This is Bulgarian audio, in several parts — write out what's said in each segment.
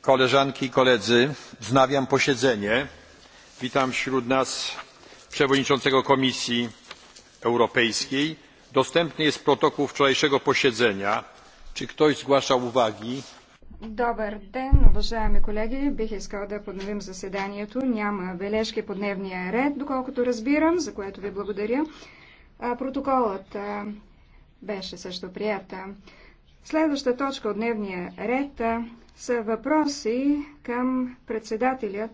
koleżanki i koledzy wznawiam posiedzenie witam wśród nas przewodniczącego komisji europejskiej dostępny jest protokół wczorajszego posiedzenia czy ktoś zgłasza uwagi Добър ден, уважаеми колеги. Бих искал да подновим заседанието. Няма бележки по дневния ред, доколкото разбирам, за което ви благодаря. Протоколът беше също прият. Следваща точка от дневния ред са въпроси към председателят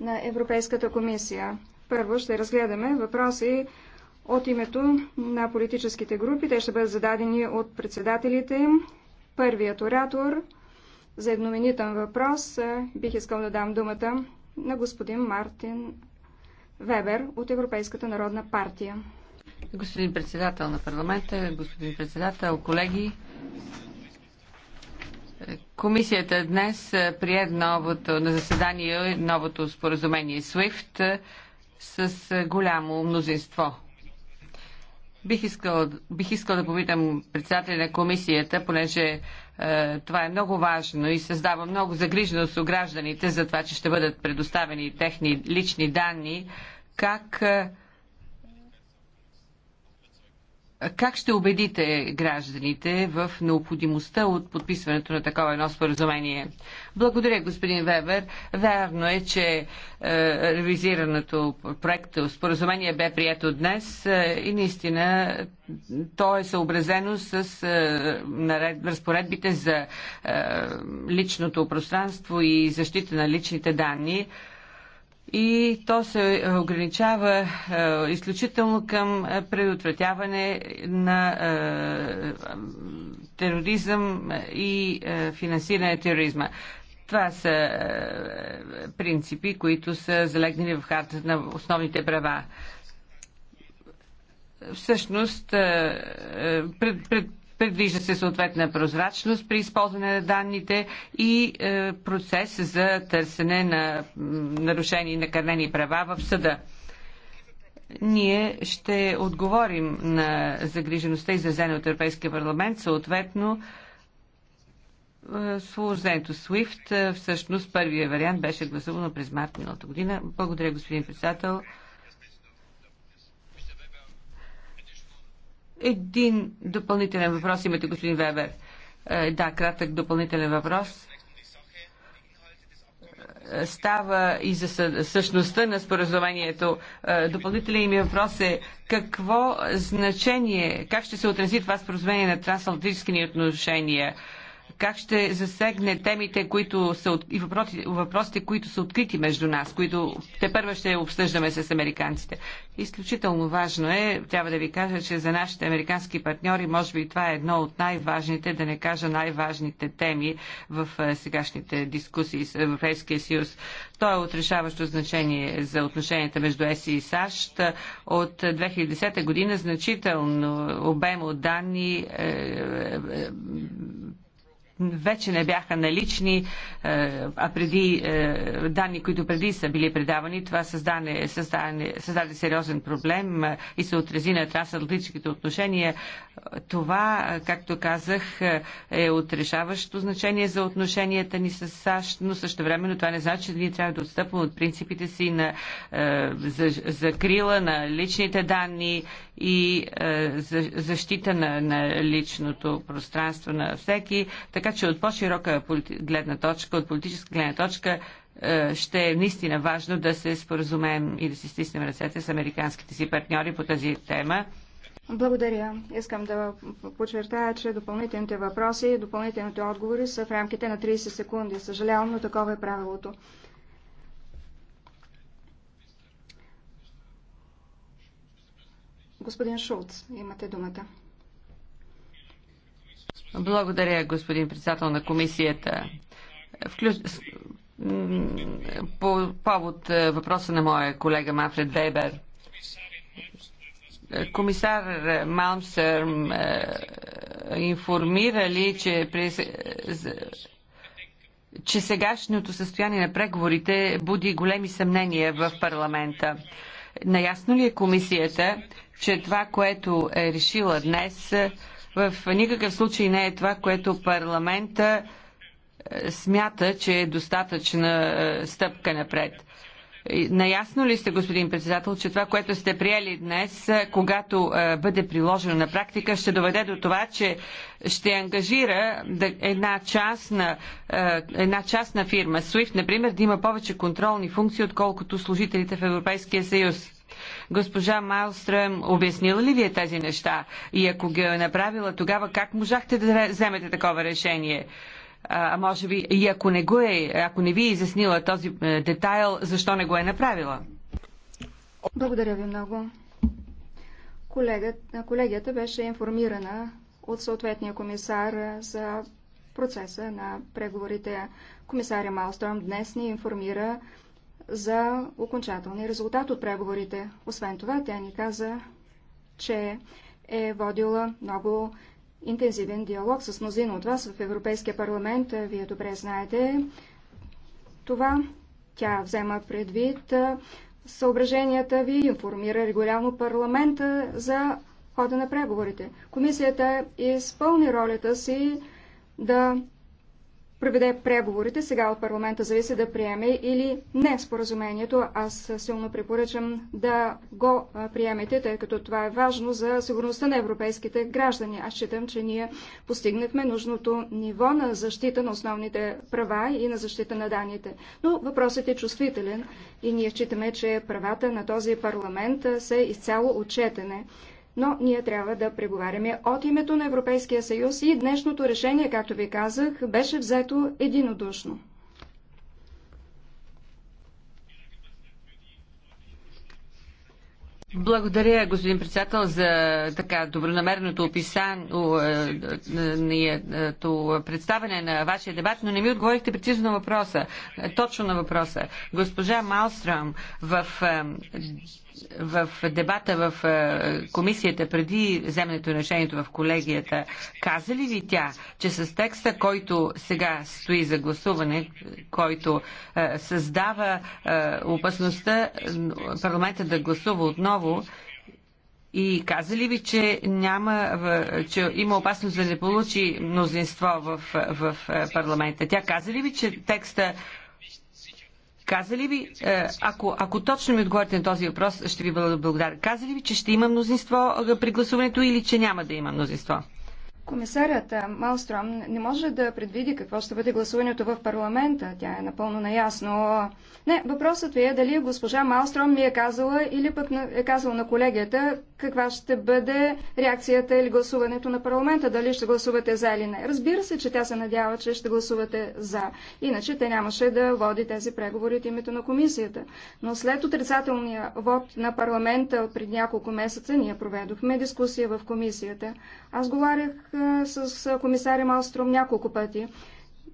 на Европейската комисия. Първо ще разгледаме въпроси от името на политическите групи. Те ще бъдат зададени от председателите им. Първият оратор за едноменитен въпрос бих искал да дам думата на господин Мартин Вебер от Европейската народна партия. Господин председател на парламента, господин председател, колеги, Комисията днес прие новото, на заседание новото споразумение SWIFT с голямо мнозинство. Бих искал, бих искал да попитам председателя на комисията, понеже е, това е много важно и създава много загриженост у гражданите за това, че ще бъдат предоставени техни лични данни, как е, как ще убедите гражданите в необходимостта от подписването на такова едно споразумение? Благодаря, господин Вебер. Вярно е, че е, ревизираното проект споразумение бе прието днес е, и наистина то е съобразено с е, наред, разпоредбите за е, личното пространство и защита на личните данни. Е, и то се ограничава е, изключително към е, предотвратяване на е, тероризъм и финансиране на тероризма. Това са принципи, които са залегнали в хартата на основните права. Всъщност, пред, пред, Предвижда се съответна прозрачност при използване на данните и е, процес за търсене на нарушени и накърнени права в съда ние ще отговорим на загрижеността, изразена от Европейския парламент, съответно е, служението SWIFT, е, всъщност първия вариант беше гласувано през март миналата година. Благодаря, господин председател. Един допълнителен въпрос имате, господин Вебер. Е, да, кратък допълнителен въпрос става и за същността на споразумението. Е, допълнителен ми въпрос е какво значение, как ще се отрази това споразумение на трансатлантическите ни отношения? как ще засегне темите които са, и въпросите, въпросите, които са открити между нас, които те първа ще обсъждаме с американците. Изключително важно е, трябва да ви кажа, че за нашите американски партньори, може би това е едно от най-важните, да не кажа най-важните теми в е, сегашните дискусии с Европейския съюз. То е отрешаващо значение за отношенията между ЕС и САЩ. От 2010 година значително обем от данни е, е вече не бяха налични, е, а преди е, данни, които преди са били предавани, това създане, създане, създаде сериозен проблем е, и се отрази на трансатлантическите отношения. Това, както казах, е отрешаващо значение за отношенията ни с САЩ, но също времено това не значи, че ние трябва да отстъпваме от принципите си на закрила за на личните данни и за, защита на, на личното пространство на всеки. Така че от по-широка гледна точка, от политическа гледна точка, е, ще е наистина важно да се споразумеем и да си стиснем ръцете с американските си партньори по тази тема. Благодаря. Искам да подчертая, че допълнителните въпроси и допълнителните отговори са в рамките на 30 секунди. Съжалявам, но такова е правилото. Господин Шулц, имате думата. Благодаря, господин председател на комисията. Вклю... По повод е, въпроса на моя колега Мафред Вебер, комисар Малмсърм е, информира ли, че при... Е, че сегашното състояние на преговорите буди големи съмнения в парламента. Наясно ли е комисията, че това, което е решила днес, в никакъв случай не е това, което парламента е, смята, че е достатъчна е, стъпка напред. Наясно ли сте, господин председател, че това, което сте приели днес, е, когато бъде приложено на практика, ще доведе до това, че ще ангажира една частна, една частна фирма, SWIFT, например, да има повече контролни функции, отколкото служителите в Европейския съюз? Госпожа Майлстрем обяснила ли ви е тези неща? И ако ги е направила, тогава как можахте да вземете такова решение? А може би и ако не го е, ако не ви е изяснила този е, детайл, защо не го е направила? Благодаря ви много. Колегата, колегията беше информирана от съответния комисар е, за процеса на преговорите. Комисаря Малстром днес ни информира за окончателния резултат от преговорите. Освен това, тя ни каза, че е водила много интензивен диалог с мнозина от вас в Европейския парламент. Вие добре знаете това. Тя взема предвид съображенията ви, информира регулярно парламента за хода на преговорите. Комисията изпълни ролята си да проведе преговорите. Сега от парламента зависи да приеме или не споразумението. Аз силно препоръчам да го приемете, тъй като това е важно за сигурността на европейските граждани. Аз считам, че ние постигнахме нужното ниво на защита на основните права и на защита на данните. Но въпросът е чувствителен и ние считаме, че правата на този парламент са изцяло отчетене но ние трябва да преговаряме от името на Европейския съюз и днешното решение, както ви казах, беше взето единодушно. Благодаря, господин председател, за така добронамерното описание е, е, е, представяне на вашия дебат, но не ми отговорихте прецизно на въпроса, точно на въпроса. Госпожа Малстрам в в дебата в е, комисията преди вземането на решението в колегията, каза ли ви тя, че с текста, който сега стои за гласуване, който е, създава е, опасността парламента да гласува отново, и каза ли ви, че, няма, че има опасност да не получи мнозинство в, в парламента? Тя каза ли ви, че текста каза ли ви, е, ако, ако точно ми отговорите на този въпрос, ще ви благодарен. Каза ли ви, че ще има мнозинство при гласуването или че няма да има мнозинство? Комисарят Малстром не може да предвиди какво ще бъде гласуването в парламента. Тя е напълно наясно. Не, въпросът ви е дали госпожа Малстром ми е казала или пък е казала на колегията каква ще бъде реакцията или гласуването на парламента, дали ще гласувате за или не. Разбира се, че тя се надява, че ще гласувате за. Иначе те нямаше да води тези преговори от името на комисията. Но след отрицателния вод на парламента пред няколко месеца ние проведохме дискусия в комисията. Аз говорях с комисаря Малстром няколко пъти.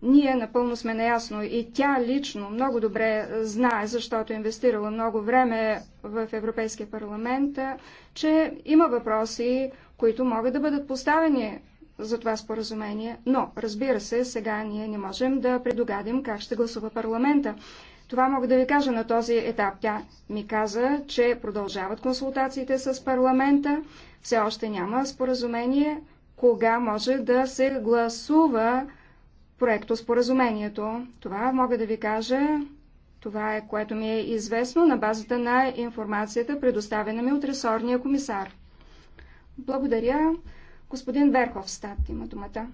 Ние напълно сме наясно и тя лично много добре знае, защото е инвестирала много време в Европейския парламент, че има въпроси, които могат да бъдат поставени за това споразумение. Но, разбира се, сега ние не можем да предогадим как ще гласува парламента. Това мога да ви кажа на този етап. Тя ми каза, че продължават консултациите с парламента, все още няма споразумение, кога може да се гласува проекто споразумението. Това мога да ви кажа. Това е което ми е известно на базата на информацията, предоставена ми от ресорния комисар. Благодаря. Господин Верховстат има думата.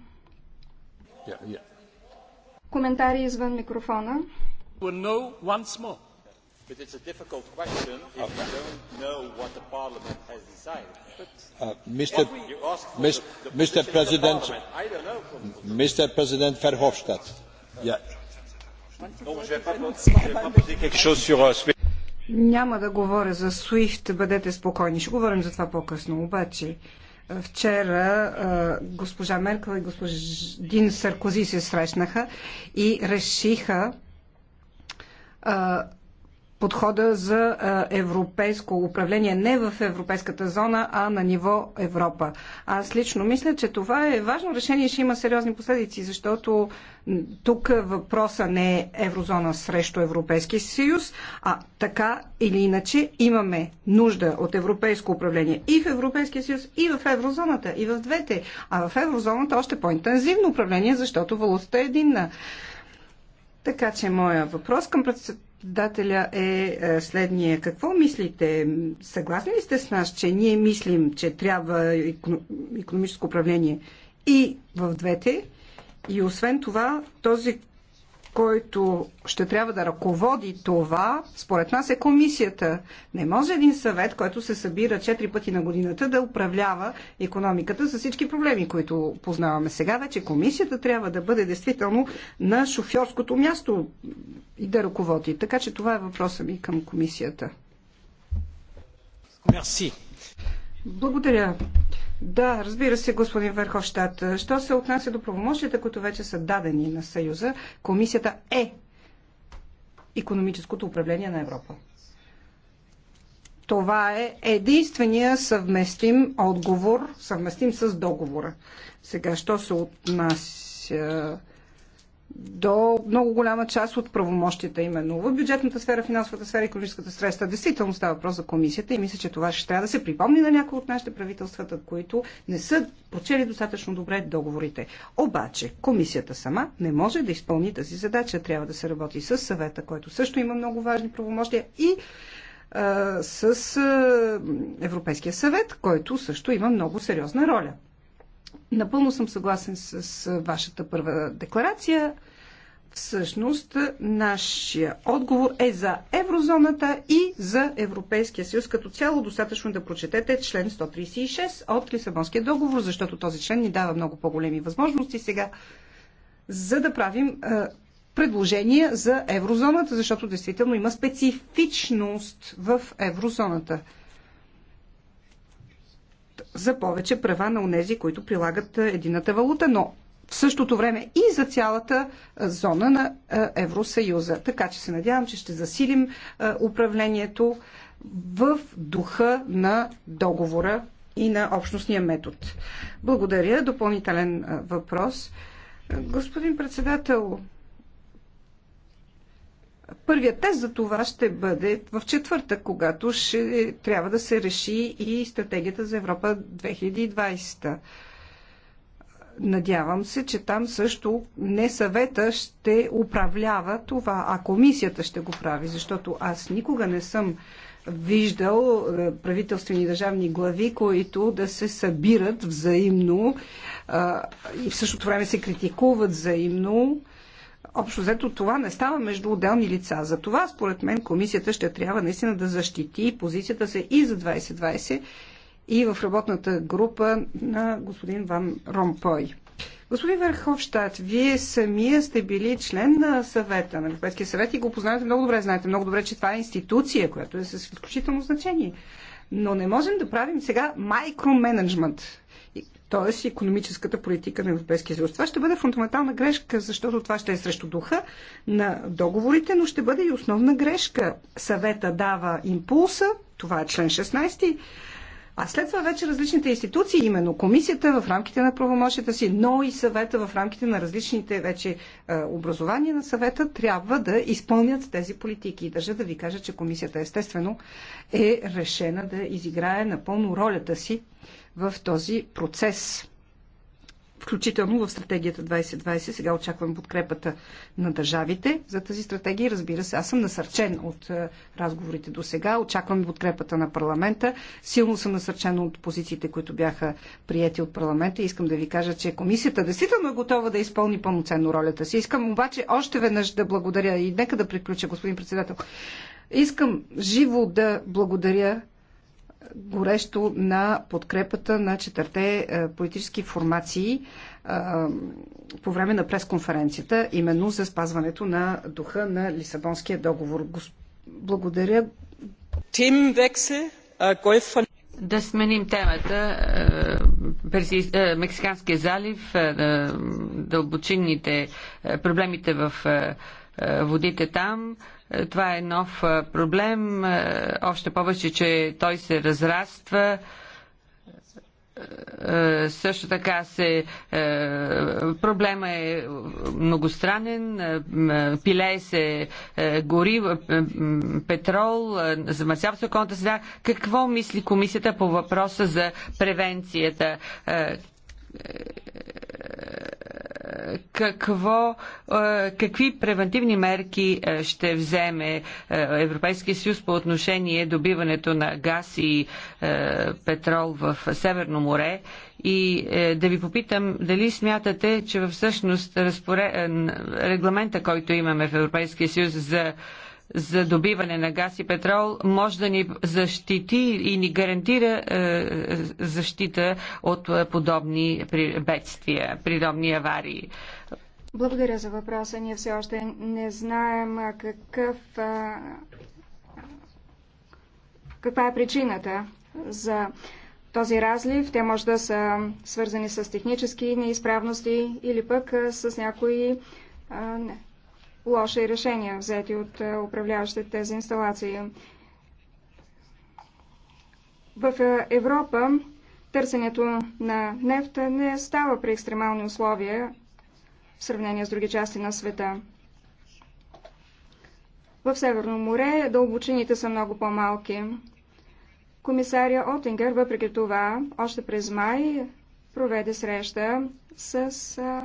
Yeah, yeah. Коментари извън микрофона. We'll But it's a difficult question if you don't know what the Parliament has decided. But Mr. You ask for Mr. The, the Mr. President, of the I don't know from Mr. President Verhofstadt. Yeah. Donc, je vais pas, je vais pas poser quelque chose sur euh, няма да говоря за SWIFT, бъдете спокойни. Ще говорим за това по-късно. Обаче, вчера госпожа Меркел и господин Саркози се срещнаха и решиха подхода за европейско управление не в европейската зона, а на ниво Европа. Аз лично мисля, че това е важно решение, ще има сериозни последици, защото тук въпроса не е еврозона срещу Европейски съюз, а така или иначе имаме нужда от европейско управление и в Европейския съюз, и в еврозоната, и в двете. А в еврозоната още по-интензивно управление, защото валутата е единна. Така че моя въпрос към председателя Въпросодателя е, е следния. Какво мислите? Съгласни ли сте с нас, че ние мислим, че трябва економическо управление и в двете? И освен това, този който ще трябва да ръководи това, според нас е комисията. Не може един съвет, който се събира 4 пъти на годината, да управлява економиката с всички проблеми, които познаваме сега. Вече комисията трябва да бъде действително на шофьорското място и да ръководи. Така че това е въпроса ми към комисията. Благодаря, да, разбира се, господин Верховщад. Що се отнася до правомощията, които вече са дадени на Съюза, комисията е економическото управление на Европа. Това е единствения съвместим отговор, съвместим с договора. Сега, що се отнася до много голяма част от правомощията именно в бюджетната сфера, финансовата сфера, и економическата средства. Действително става въпрос за комисията и мисля, че това ще трябва да се припомни на някои от нашите правителствата, които не са прочели достатъчно добре договорите. Обаче комисията сама не може да изпълни тази задача. Трябва да се работи с съвета, който също има много важни правомощия и а, с а, Европейския съвет, който също има много сериозна роля. Напълно съм съгласен с вашата първа декларация. Всъщност, нашия отговор е за еврозоната и за Европейския съюз като цяло. Достатъчно да прочетете член 136 от Лисабонския договор, защото този член ни дава много по-големи възможности сега, за да правим е, предложения за еврозоната, защото действително има специфичност в еврозоната за повече права на унези, които прилагат едината валута, но в същото време и за цялата зона на Евросъюза. Така че се надявам, че ще засилим управлението в духа на договора и на общностния метод. Благодаря. Допълнителен въпрос. Господин председател, Първият тест за това ще бъде в четвъртък, когато ще трябва да се реши и стратегията за Европа 2020. Надявам се, че там също не съвета ще управлява това, а комисията ще го прави, защото аз никога не съм виждал е, правителствени държавни глави, които да се събират взаимно и в същото време се критикуват взаимно Общо взето това не става между отделни лица. За това, според мен, комисията ще трябва наистина да защити позицията се и за 2020 и в работната група на господин Ван Ромпой. Господин Верховщад, вие самия сте били член на съвета, на Европейския съвет и го познавате много добре. Знаете много добре, че това е институция, която е с изключително значение. Но не можем да правим сега майкроменеджмент т.е. економическата политика на Европейския съюз. Това ще бъде фундаментална грешка, защото това ще е срещу духа на договорите, но ще бъде и основна грешка. Съвета дава импулса, това е член 16 а след това вече различните институции, именно комисията в рамките на правомощията си, но и съвета в рамките на различните вече е, образования на съвета, трябва да изпълнят тези политики. И държа да ви кажа, че комисията естествено е решена да изиграе напълно ролята си в този процес включително в стратегията 2020. Сега очаквам подкрепата на държавите за тази стратегия. Разбира се, аз съм насърчен от е, разговорите до сега. Очаквам подкрепата на парламента. Силно съм насърчен от позициите, които бяха прияти от парламента. Искам да ви кажа, че комисията действително е готова да изпълни пълноценно ролята си. Искам обаче още веднъж да благодаря и нека да приключа, господин председател. Искам живо да благодаря горещо на подкрепата на четърте е, политически формации е, по време на пресконференцията, именно за спазването на духа на Лисабонския договор. Благодаря. Тим Вексе, Гольф е, да сменим темата. Мексиканския залив, дълбочинните проблемите в водите там. Това е нов проблем, още повече, че той се разраства също така се проблема е многостранен, пилее се гори, петрол, замърсява се околната среда. Какво мисли комисията по въпроса за превенцията? какво, е, какви превентивни мерки е, ще вземе е, Европейския съюз по отношение добиването на газ и петрол в Северно море и да ви попитам дали смятате, че всъщност разпоре... регламента, който имаме в Европейския съюз за за добиване на газ и петрол може да ни защити и ни гарантира е, е, защита от е, подобни бедствия, подобни аварии. Благодаря за въпроса. Ние все още не знаем какъв, каква е причината за този разлив. Те може да са свързани с технически неизправности или пък с някои лоши решения, взети от е, управляващите тези инсталации. В е, Европа търсенето на нефта не става при екстремални условия в сравнение с други части на света. В Северно море дълбочините са много по-малки. Комисария Отингър, въпреки това, още през май проведе среща с е,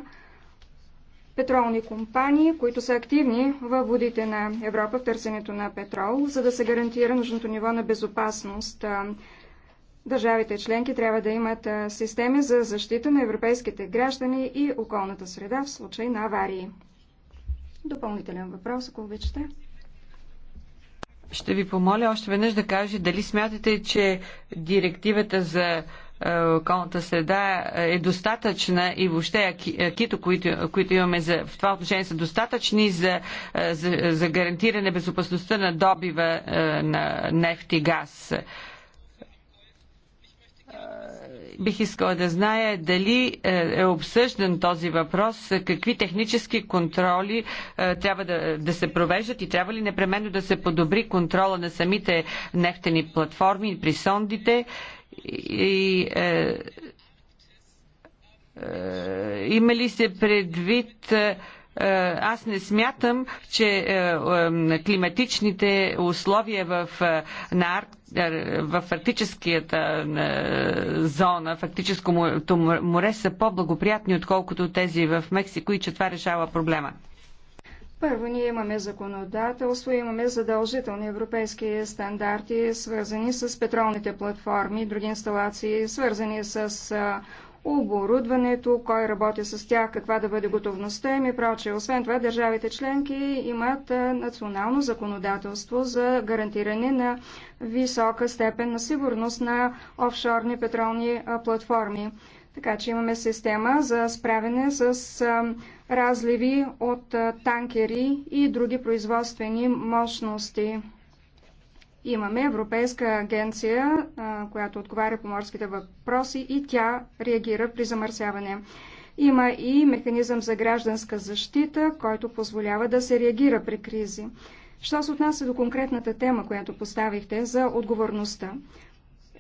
петролни компании, които са активни във водите на Европа в търсенето на петрол, за да се гарантира нужното ниво на безопасност. Държавите членки трябва да имат системи за защита на европейските граждани и околната среда в случай на аварии. Допълнителен въпрос, ако обичате. Ще ви помоля още веднъж да кажа дали смятате, че директивата за е, околната среда е достатъчна и въобще акито, които, които имаме за, в това отношение са достатъчни за, е, за, за гарантиране безопасността на добива е, на нефт и газ бих искала да зная дали е обсъждан този въпрос, какви технически контроли трябва да, да се провеждат и трябва ли непременно да се подобри контрола на самите нефтени платформи при сондите и е, е, има ли се предвид е, е аз не смятам, че е, е, климатичните условия в, на Арк, в арктическата зона, фактическо море, са по-благоприятни, отколкото тези в Мексико и че това решава проблема. Първо, ние имаме законодателство, имаме задължителни европейски стандарти, свързани с петролните платформи, други инсталации, свързани с оборудването, кой работи с тях, каква да бъде готовността им и прочее. Освен това, държавите членки имат национално законодателство за гарантиране на висока степен на сигурност на офшорни петролни платформи. Така че имаме система за справяне с разливи от танкери и други производствени мощности. Имаме Европейска агенция, която отговаря по морските въпроси и тя реагира при замърсяване. Има и механизъм за гражданска защита, който позволява да се реагира при кризи. Що се отнася до конкретната тема, която поставихте за отговорността?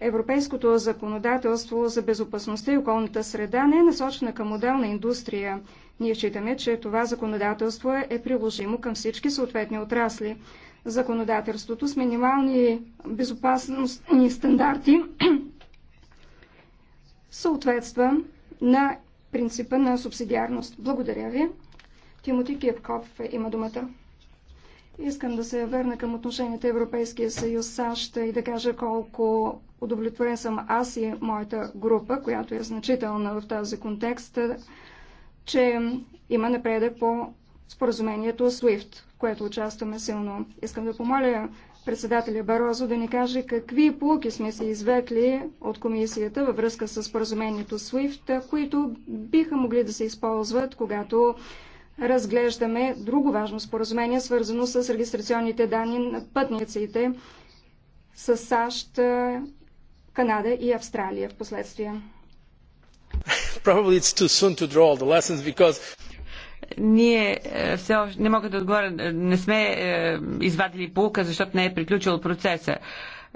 Европейското законодателство за безопасността и околната среда не е насочена към отделна индустрия. Ние считаме, че това законодателство е приложимо към всички съответни отрасли. Законодателството с минимални безопасностни стандарти съответства на принципа на субсидиарност. Благодаря ви. Тимоти Кепков има думата. Искам да се върна към отношенията Европейския съюз САЩ и да кажа колко Удовлетворен съм аз и моята група, която е значителна в тази контекст, че има напредък по споразумението SWIFT, в което участваме силно. Искам да помоля председателя Барозо да ни каже какви полуки сме се извекли от комисията във връзка с споразумението SWIFT, които биха могли да се използват, когато разглеждаме друго важно споразумение, свързано с регистрационните данни на пътниците с САЩ Канада и Австралия в последствие. Because... Ние е, все още не мога да отговоря, не сме е, извадили полука, защото не е приключил процеса.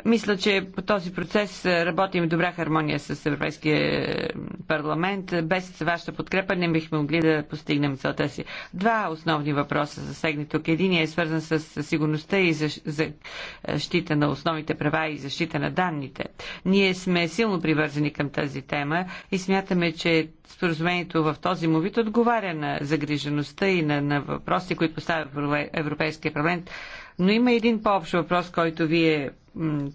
Мисля, че по този процес е, работим в добра хармония с Европейския парламент. Без вашата подкрепа не бихме могли да постигнем целта си. Два основни въпроса засегни тук. Единият е свързан с сигурността и защита е, на основните права и защита на данните. Ние сме силно привързани към тази тема и смятаме, че споразумението в този му вид отговаря на загрижеността и на, на въпроси, които поставя Европейския парламент. Но има един по-общ въпрос, който вие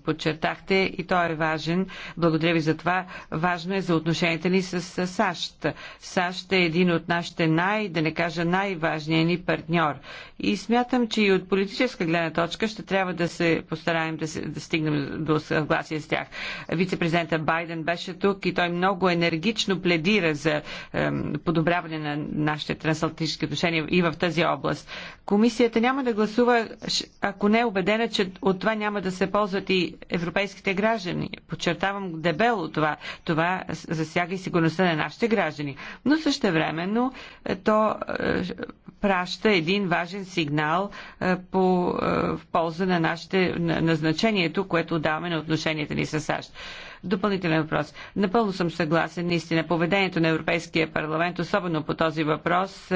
подчертахте и той е важен. Благодаря ви за това. Важно е за отношенията ни с САЩ. САЩ е един от нашите най, да не кажа най важният ни партньор. И смятам, че и от политическа гледна точка ще трябва да се постараем да, се, да стигнем до съгласие с тях. Вице-президента Байден беше тук и той много енергично пледира за ем, подобряване на нашите трансатлантически отношения и в тази област. Комисията няма да гласува, ако не е убедена, че от това няма да се ползва ползват и европейските граждани. Подчертавам дебело това. Това засяга и сигурността на нашите граждани. Но също времено е, то е, праща един важен сигнал е, по, в полза на нашите назначението, което даваме на отношенията ни с САЩ. Допълнителен въпрос. Напълно съм съгласен, наистина, поведението на Европейския парламент, особено по този въпрос,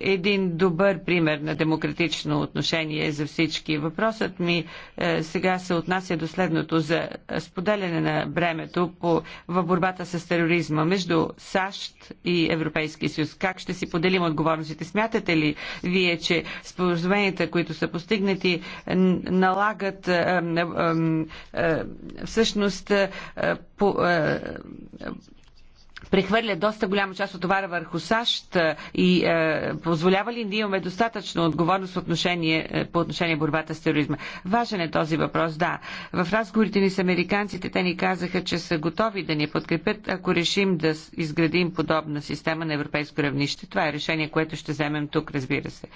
един добър пример на демократично отношение за всички. Въпросът ми е, сега се отнася до следното за споделяне на бремето по, в борбата с тероризма между САЩ и Европейския съюз. Как ще си поделим отговорностите? Смятате ли вие, че споразуменията, които са постигнати, налагат е, е, е, е всъщност е, по, прехвърля доста голяма част от товара върху САЩ и е, позволява ли да имаме достатъчно отговорност отношение, е, по отношение борбата с тероризма? Важен е този въпрос, да. В разговорите ни с американците те ни казаха, че са готови да ни подкрепят, ако решим да изградим подобна система на европейско равнище. Това е решение, което ще вземем тук, разбира се.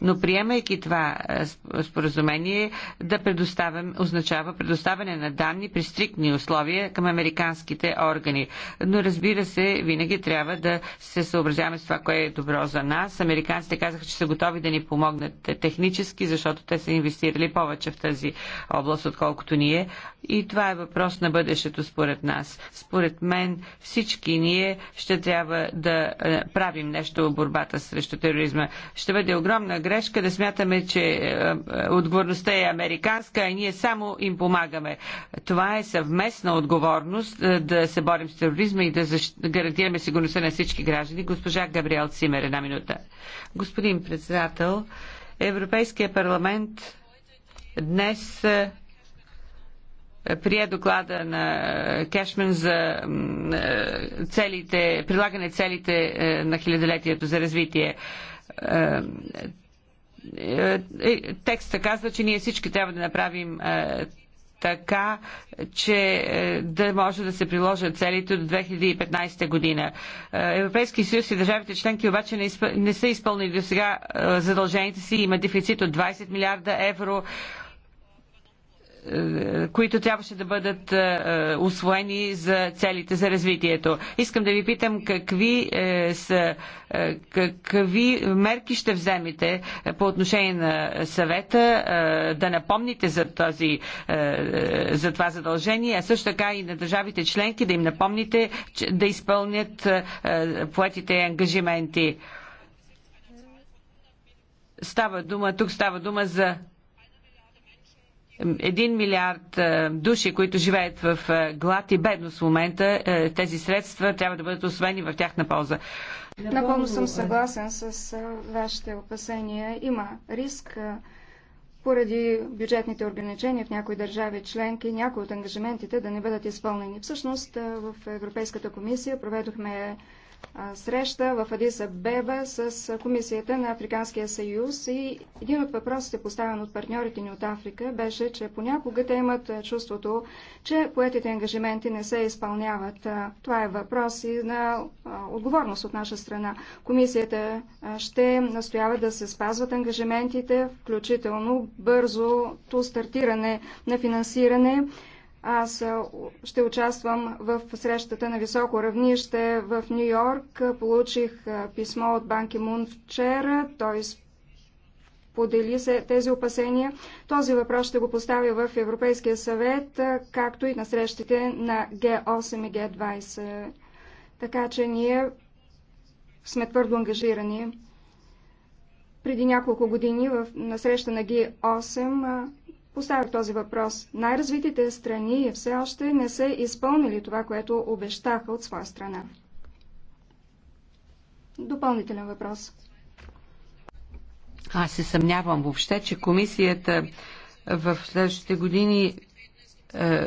Но приемайки това е, споразумение, да предоставям, означава предоставяне на данни при стриктни условия към американските органи. Но разбира се, се, винаги трябва да се съобразяваме с това, кое е добро за нас. Американците казаха, че са готови да ни помогнат технически, защото те са инвестирали повече в тази област, отколкото ние. И това е въпрос на бъдещето според нас. Според мен всички ние ще трябва да е, правим нещо в борбата срещу тероризма. Ще бъде огромна грешка да смятаме, че е, е, отговорността е американска, а ние само им помагаме. Това е съвместна отговорност да се борим с тероризма и да гарантираме сигурността на всички граждани. Госпожа Габриел Цимер, една минута. Господин председател, Европейския парламент днес е, прие доклада на е, Кешмен за е, целите, прилагане целите на хилядолетието за развитие. Текста казва, че ние всички трябва да направим така, че е, да може да се приложат целите до 2015 година. Е, Европейски съюз и държавите членки обаче не, не са изпълнили до сега е, задълженията си. Има дефицит от 20 милиарда евро е, които трябваше да бъдат освоени е, е, за целите за развитието. Искам да ви питам какви, са, какви мерки ще вземете по отношение на съвета да напомните за, този, за това задължение, а също така и на държавите членки да им напомните да изпълнят платите ангажименти. Става дума, тук става дума за един милиард е, души, които живеят в е, глад и бедност в момента, е, тези средства трябва да бъдат освоени в тяхна полза. Напълно съм съгласен с вашите опасения. Има риск поради бюджетните ограничения в някои държави членки, някои от ангажиментите да не бъдат изпълнени. Всъщност в Европейската комисия проведохме среща в Адиса Беба с Комисията на Африканския съюз и един от въпросите, поставен от партньорите ни от Африка, беше, че понякога те имат чувството, че поетите ангажименти не се изпълняват. Това е въпрос и на отговорност от наша страна. Комисията ще настоява да се спазват ангажиментите, включително бързото стартиране на финансиране аз е, ще участвам в срещата на високо равнище в Нью Йорк. Получих е, писмо от Банки Мун вчера. Той подели се тези опасения. Този въпрос ще го поставя в Европейския съвет, е, както и на срещите на Г8 и Г20. Така че ние сме твърдо ангажирани. Преди няколко години в, на среща на Г8 Поставях този въпрос. Най-развитите страни все още не са изпълнили това, което обещаха от своя страна. Допълнителен въпрос. Аз се съмнявам въобще, че комисията в следващите години е,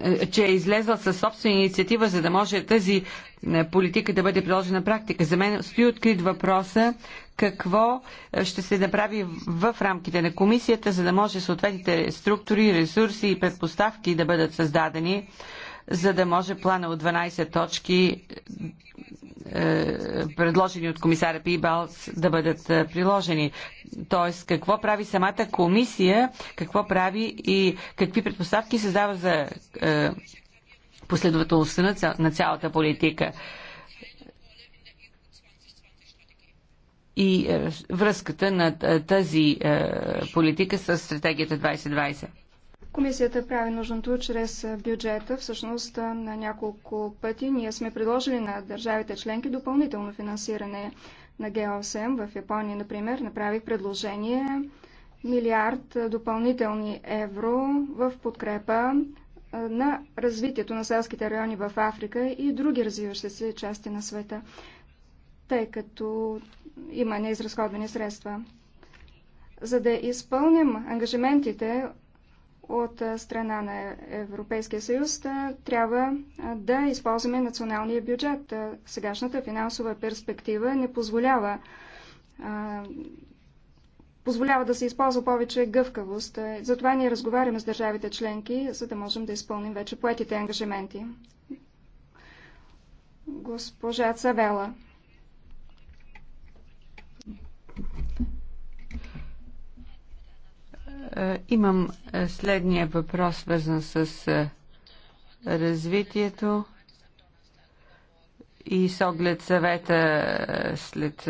е, че е излезла със собствена инициатива, за да може тази е, политика да бъде приложена практика. За мен стои открит въпроса какво е, ще се направи в рамките на комисията, за да може съответните структури, ресурси и предпоставки да бъдат създадени, за да може плана от 12 точки, е, предложени от комисара Пибалс, да бъдат е, приложени. Тоест, какво прави самата комисия, какво прави и какви предпоставки създава за последователността на цялата политика. и е, връзката на е, тази е, политика с стратегията 2020. Комисията прави нужното чрез е, бюджета. Всъщност е, на няколко пъти ние сме предложили на държавите членки допълнително финансиране на Г8. В Япония, например, направих предложение милиард допълнителни евро в подкрепа на развитието на селските райони в Африка и други развиващи се части на света тъй като има неизразходвани средства. За да изпълним ангажиментите от страна на Европейския съюз, трябва да използваме националния бюджет. Сегашната финансова перспектива не позволява позволява да се използва повече гъвкавост. Затова ние разговаряме с държавите членки, за да можем да изпълним вече поетите ангажименти. Госпожа Цавела. Е, имам е, следния въпрос, свързан с е, развитието и с оглед съвета след,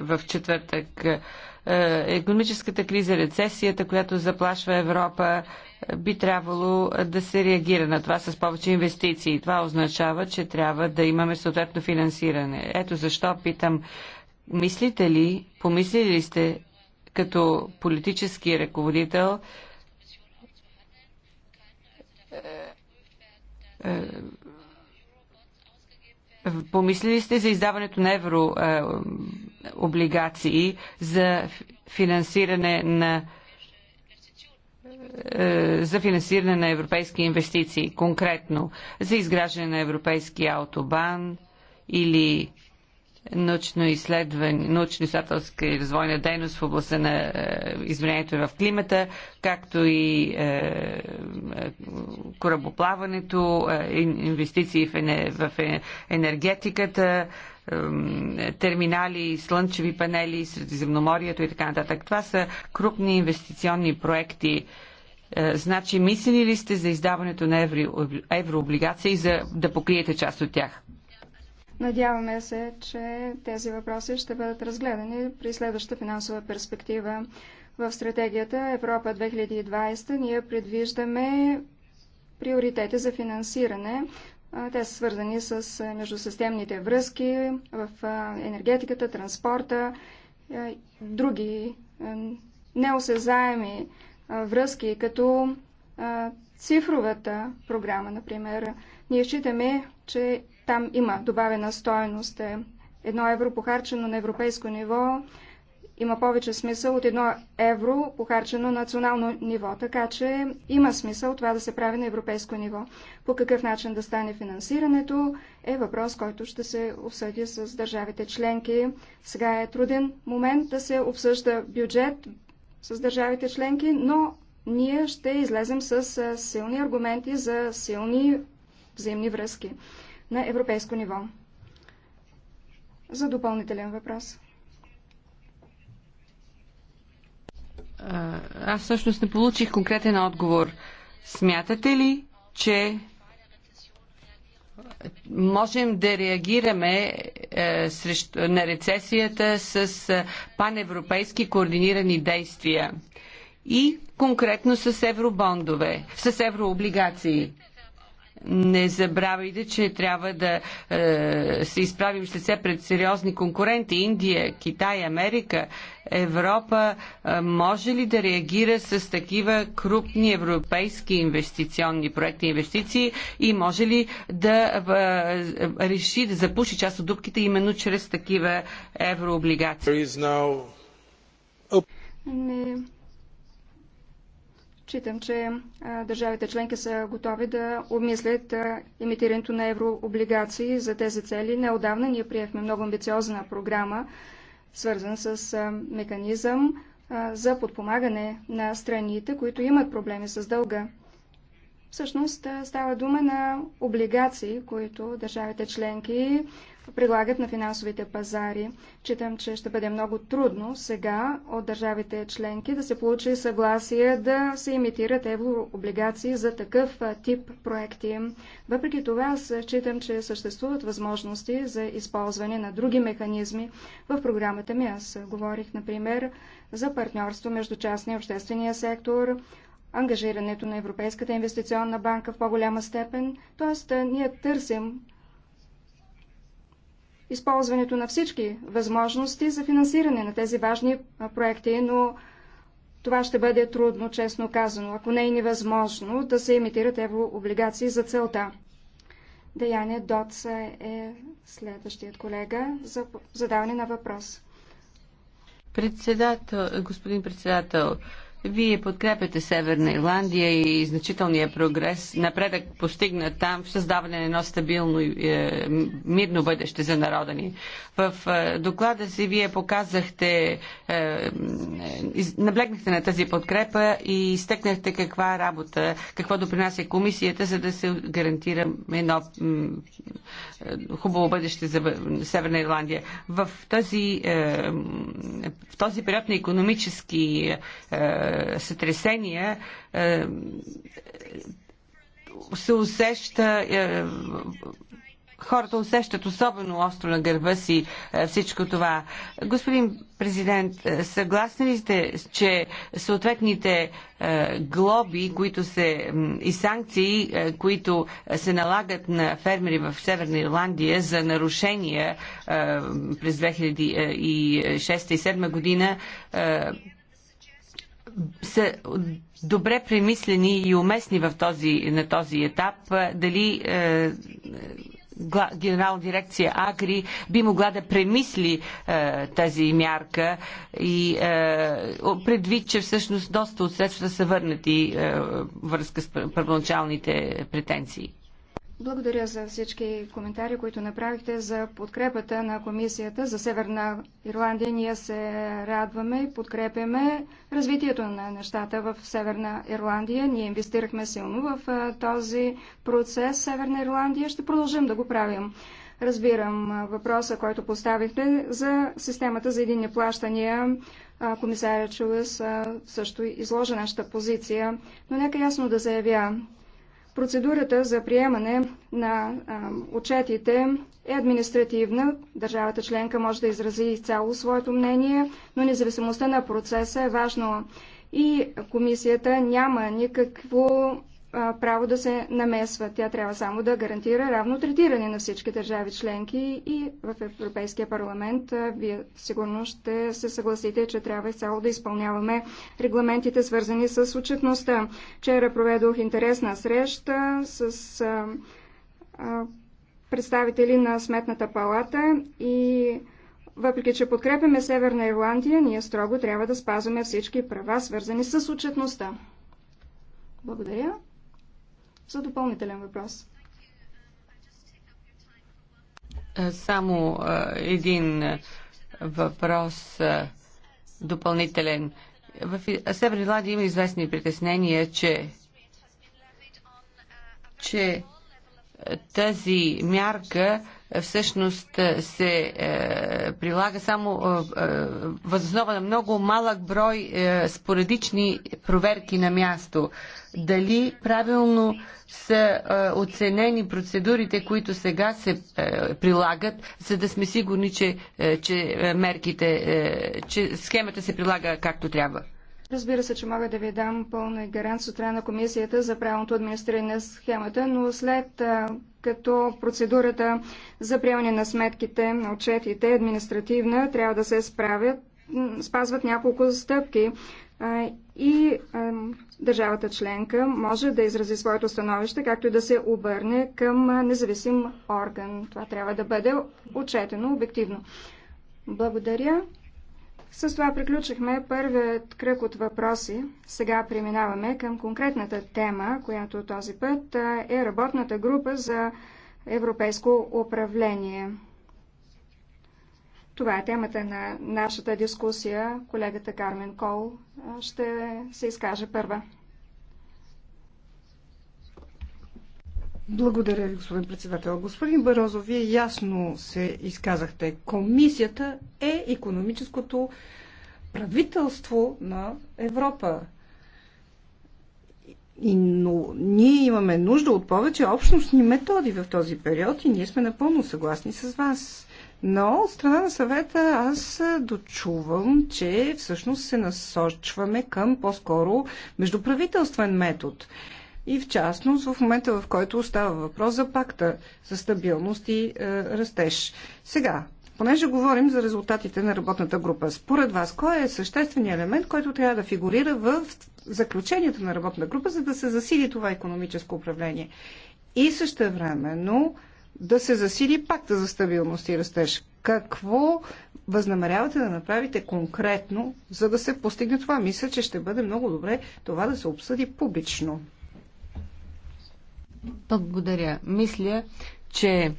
в четвъртък. Економическата криза, рецесията, която заплашва Европа, би трябвало да се реагира на това с повече инвестиции. Това означава, че трябва да имаме съответно финансиране. Ето защо питам, мислите ли, помислили ли сте като политически ръководител е, е, Помислили сте за издаването на е, облигации за финансиране на за финансиране на европейски инвестиции, конкретно за изграждане на европейски автобан или научно-изследване, научно-изследователска и развойна дейност в областта на е, изменението в климата, както и е, е, корабоплаването, инвестиции в, енергетиката, терминали, слънчеви панели, Средиземноморието и така нататък. Това са крупни инвестиционни проекти. значи, мислили ли сте за издаването на евро, еврооблигации, за да покриете част от тях? Надяваме се, че тези въпроси ще бъдат разгледани при следваща финансова перспектива. В стратегията Европа 2020 ние предвиждаме приоритети за финансиране. Те са свързани с междусистемните връзки в енергетиката, транспорта, други неосезаеми връзки, като цифровата програма, например. Ние считаме, че там има добавена стоеност. Е, едно евро похарчено на европейско ниво има повече смисъл от едно евро похарчено на национално ниво. Така че има смисъл това да се прави на европейско ниво. По какъв начин да стане финансирането е въпрос, който ще се обсъди с държавите членки. Сега е труден момент да се обсъжда бюджет с държавите членки, но ние ще излезем с силни аргументи за силни взаимни връзки на европейско ниво. За допълнителен въпрос. Аз всъщност не получих конкретен отговор. Смятате ли, че можем да реагираме е, на рецесията с е, паневропейски координирани действия? и конкретно с евробондове, с еврооблигации. Не забравяйте, че трябва да е, се изправим с лице пред сериозни конкуренти Индия, Китай, Америка, Европа. Е, може ли да реагира с такива крупни европейски инвестиционни проекти, инвестиции и може ли да е, реши да запуши част от дубките, именно чрез такива еврооблигации? Читам, че държавите членки са готови да обмислят имитирането на еврооблигации за тези цели. Неодавна ние приехме много амбициозна програма, свързан с механизъм за подпомагане на страните, които имат проблеми с дълга. Всъщност става дума на облигации, които държавите членки прилагат на финансовите пазари. Читам, че ще бъде много трудно сега от държавите членки да се получи съгласие да се имитират еврооблигации за такъв тип проекти. Въпреки това, аз читам, че съществуват възможности за използване на други механизми. В програмата ми аз говорих, например, за партньорство между частния и обществения сектор, ангажирането на Европейската инвестиционна банка в по-голяма степен. Тоест, ние търсим използването на всички възможности за финансиране на тези важни проекти, но това ще бъде трудно, честно казано, ако не е невъзможно да се имитират еврооблигации за целта. Деяне Доц е следващият колега за задаване на въпрос. Председател, господин председател, вие подкрепяте Северна Ирландия и значителния прогрес, напредък постигнат там в създаване на едно стабилно и е, мирно бъдеще за народа ни. В е, доклада си вие показахте, е, е наблегнахте на тази подкрепа и изтъкнахте каква работа, какво допринася комисията, за да се гарантира едно е, хубаво бъдеще за Северна Ирландия. В този, е, в този период на економически сътресения е, се усеща е, хората усещат особено остро на гърба си е, всичко това. Господин президент, съгласни ли сте, че съответните глоби които се, и санкции, които се налагат на фермери в Северна Ирландия за нарушения през 2006-2007 година, са добре премислени и уместни в този, на този етап, дали е, Генерална дирекция Агри би могла да премисли е, тази мярка и е, предвид, че всъщност доста от средствата са върнати е, връзка с първоначалните претенции. Благодаря за всички коментари, които направихте за подкрепата на комисията за Северна Ирландия. Ние се радваме и подкрепяме развитието на нещата в Северна Ирландия. Ние инвестирахме силно в този процес. Северна Ирландия ще продължим да го правим. Разбирам въпроса, който поставихте за системата за единни плащания. Комисаря Чулес също изложи нашата позиция, но нека ясно да заявя, Процедурата за приемане на а, отчетите е административна. Държавата членка може да изрази изцяло своето мнение, но независимостта на процеса е важна и комисията няма никакво право да се намесва. Тя трябва само да гарантира равно третиране на всички държави членки и в Европейския парламент вие сигурно ще се съгласите, че трябва изцяло да изпълняваме регламентите, свързани с отчетността. Вчера проведох интересна среща с а, а, представители на Сметната палата и въпреки, че подкрепяме Северна Ирландия, ние строго трябва да спазваме всички права, свързани с отчетността. Благодаря за допълнителен въпрос. Е, само е, един е, въпрос допълнителен. В Северна Ирландия има известни притеснения, че, че тази мярка всъщност е, се е, прилага само е, е, възоснова на много малък брой е, споредични проверки на място. Дали правилно са е, оценени процедурите, които сега се е, прилагат, за да сме сигурни, че, е, че е, мерките, е, че схемата се прилага както трябва? Разбира се, че мога да ви дам пълна гаранция от на комисията за правилното администриране на схемата, но след като процедурата за приемане на сметките, на отчетите, е административна, трябва да се справят, спазват няколко стъпки и държавата членка може да изрази своето становище, както и да се обърне към независим орган. Това трябва да бъде отчетено обективно. Благодаря. С това приключихме първият кръг от въпроси. Сега преминаваме към конкретната тема, която този път е работната група за европейско управление. Това е темата на нашата дискусия. Колегата Кармен Кол ще се изкаже първа. Благодаря ви, господин председател. Господин Барозо, вие ясно се изказахте. Комисията е економическото правителство на Европа. И, но ние имаме нужда от повече общностни методи в този период и ние сме напълно съгласни с вас. Но от страна на съвета аз дочувам, че всъщност се насочваме към по-скоро междуправителствен метод и в частност в момента, в който остава въпрос за пакта за стабилност и е, растеж. Сега, понеже говорим за резултатите на работната група, според вас, кой е същественият елемент, който трябва да фигурира в заключението на работна група, за да се засили това економическо управление? И също времено да се засили пакта за стабилност и растеж. Какво възнамерявате да направите конкретно, за да се постигне това? Мисля, че ще бъде много добре това да се обсъди публично. Благодаря. Мисля, че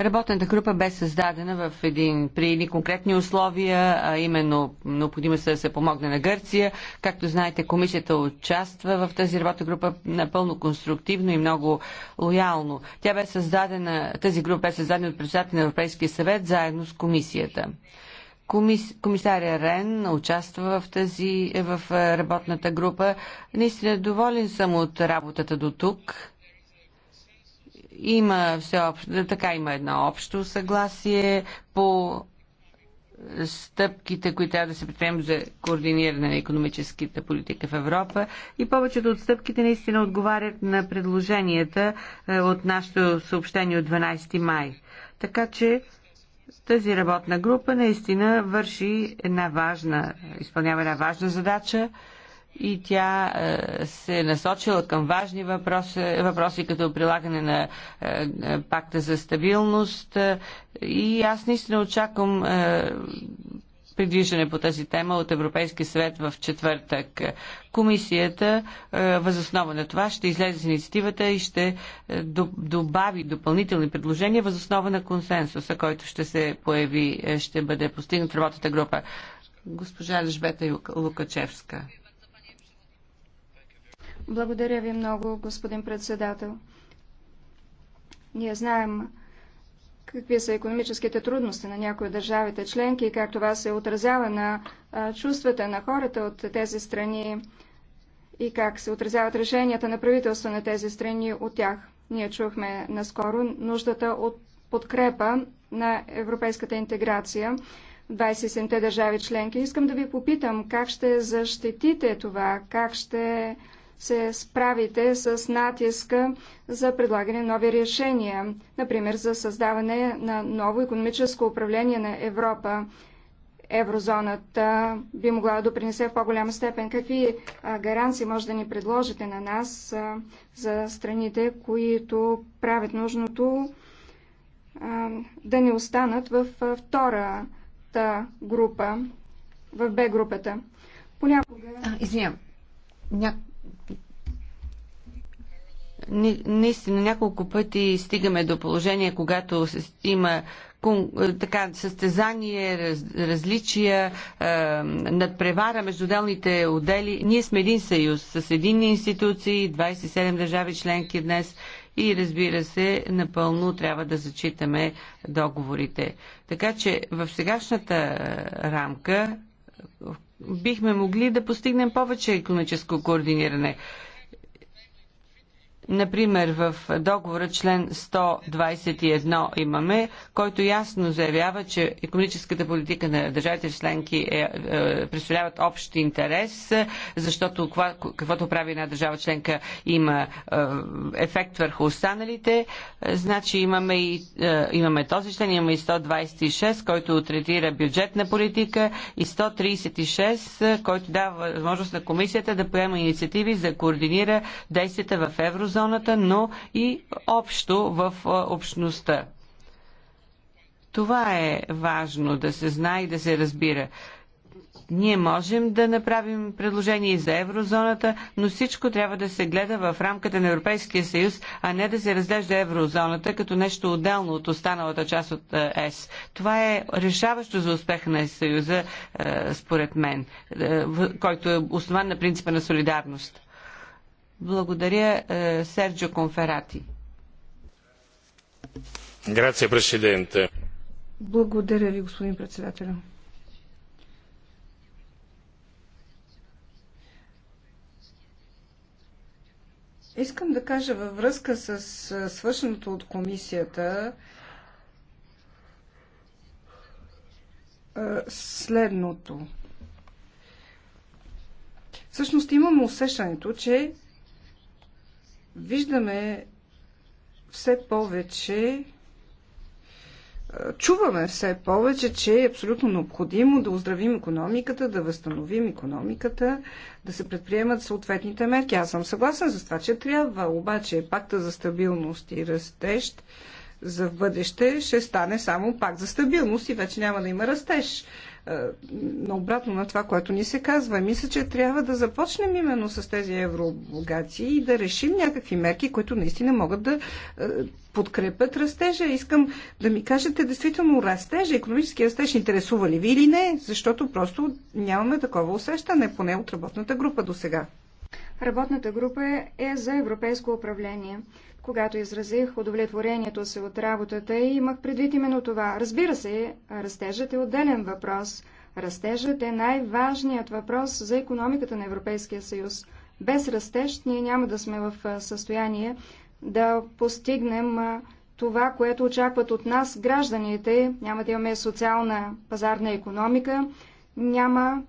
Работната група бе създадена в един, при едни конкретни условия, а именно необходимо се да се помогне на Гърция. Както знаете, комисията участва в тази работна група напълно конструктивно и много лоялно. Тя бе създадена, тази група бе създадена от председател на Европейския съвет заедно с комисията. Комис, комисаря Рен участва в тази в работната група. Наистина доволен съм от работата до тук има всеобщо, така има едно общо съгласие по стъпките, които трябва да се предприемат за координиране на економическата политика в Европа и повечето от стъпките наистина отговарят на предложенията е, от нашето съобщение от 12 май. Така че тази работна група наистина върши една важна, изпълнява една важна задача и тя е, се е насочила към важни въпроси, въпроси като прилагане на е, е, пакта за стабилност и аз наистина очаквам придвижване по тази тема от Европейския съвет в четвъртък. Комисията възоснова на това ще излезе с инициативата и ще добави допълнителни предложения възоснова на консенсуса, който ще се появи, ще бъде постигнат работата група. Госпожа Лежбета Лукачевска. Благодаря ви много, господин председател. Ние знаем какви са економическите трудности на някои държавите членки и как това се отразява на чувствата на хората от тези страни и как се отразяват решенията на правителства на тези страни от тях. Ние чухме наскоро нуждата от подкрепа на европейската интеграция в 27-те държави членки. Искам да ви попитам как ще защитите това, как ще се справите с натиска за предлагане нови решения, например за създаване на ново економическо управление на Европа. Еврозоната би могла да допринесе в по-голяма степен. Какви гаранции може да ни предложите на нас за страните, които правят нужното да не останат в втората група, в Б групата? Понякога... А, извинявам. Ня наистина няколко пъти стигаме до положение, когато има е, така, състезание, раз, различия, е, надпревара между отделните отдели. Ние сме един съюз с единни институции, 27 държави членки днес и разбира се, напълно трябва да зачитаме договорите. Така че в сегашната е, рамка е, бихме могли да постигнем повече економическо координиране. Например, в договора член 121 имаме, който ясно заявява, че економическата политика на държавите членки е, е, представляват общ интерес, защото това, каквото прави една държава членка има е, ефект върху останалите. Значи имаме, и, е, имаме този член, имаме и 126, който третира бюджетна политика и 136, който дава възможност на комисията да поема инициативи за да координира действията в еврозоната зоната, но и общо в общността. Това е важно да се знае и да се разбира. Ние можем да направим предложение и за еврозоната, но всичко трябва да се гледа в рамката на Европейския съюз, а не да се разглежда еврозоната като нещо отделно от останалата част от ЕС. Това е решаващо за успеха на съюза, според мен, който е основан на принципа на солидарност. Благодаря, е, Серджо Конферати. Грация, президенте. Благодаря ви, господин председател. Искам да кажа във връзка с е, свършеното от комисията е, следното. Всъщност имам усещането, че виждаме все повече, чуваме все повече, че е абсолютно необходимо да оздравим економиката, да възстановим економиката, да се предприемат съответните мерки. Аз съм съгласен за това, че трябва, обаче пакта за стабилност и растеж за в бъдеще ще стане само пакт за стабилност и вече няма да има растеж. Е, на обратно на това, което ни се казва. Мисля, че трябва да започнем именно с тези еврооблигации и да решим някакви мерки, които наистина могат да е, подкрепят растежа. Искам да ми кажете, действително растежа, економически растеж интересува ли ви или не, защото просто нямаме такова усещане, поне от работната група до сега. Работната група е за европейско управление когато изразих удовлетворението си от работата и имах предвид именно това. Разбира се, растежът е отделен въпрос. Растежът е най-важният въпрос за економиката на Европейския съюз. Без растеж ние няма да сме в състояние да постигнем това, което очакват от нас гражданите. Няма да имаме социална пазарна економика, няма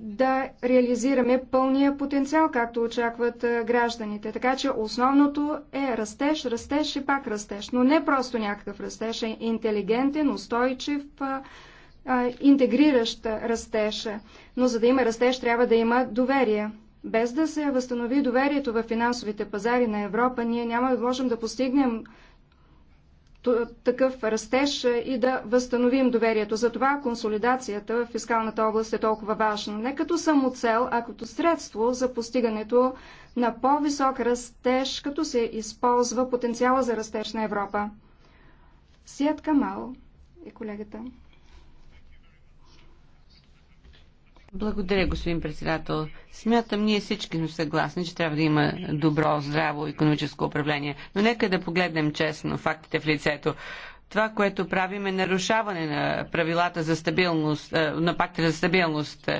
да реализираме пълния потенциал, както очакват гражданите. Така че основното е растеж, растеж и пак растеж. Но не просто някакъв растеж, е интелигентен, устойчив, интегриращ растеж. Но за да има растеж, трябва да има доверие. Без да се възстанови доверието в финансовите пазари на Европа, ние няма да можем да постигнем такъв растеж е, и да възстановим доверието. Затова консолидацията в фискалната област е толкова важна. Не като самоцел, а като средство за постигането на по-висок растеж, като се използва потенциала за растеж на Европа. Сият Камал е колегата. Благодаря, господин председател. Смятам, ние всички сме съгласни, че трябва да има добро, здраво економическо управление. Но нека да погледнем честно фактите в лицето това, което правим е нарушаване на правилата за стабилност, е, на пакта за стабилност.